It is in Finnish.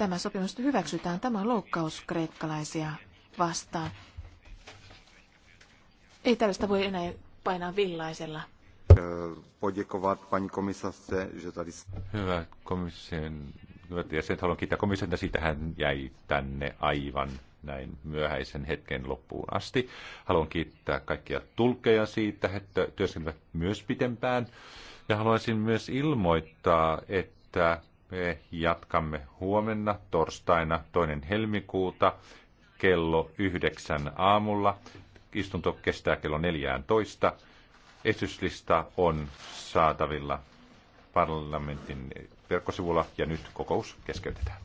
tämä sopimus hyväksytään. Tämä on loukkaus kreikkalaisia vastaan. Ei tällaista voi enää painaa villaisella. Hyvä komission hyvät jäsenet, haluan kiittää komissiota. Siitä hän jäi tänne aivan näin myöhäisen hetken loppuun asti. Haluan kiittää kaikkia tulkeja siitä, että työskentelevät myös pitempään. Ja haluaisin myös ilmoittaa, että me jatkamme huomenna torstaina toinen helmikuuta kello yhdeksän aamulla. Istunto kestää kello 14. Esityslista on saatavilla parlamentin verkkosivulla ja nyt kokous keskeytetään.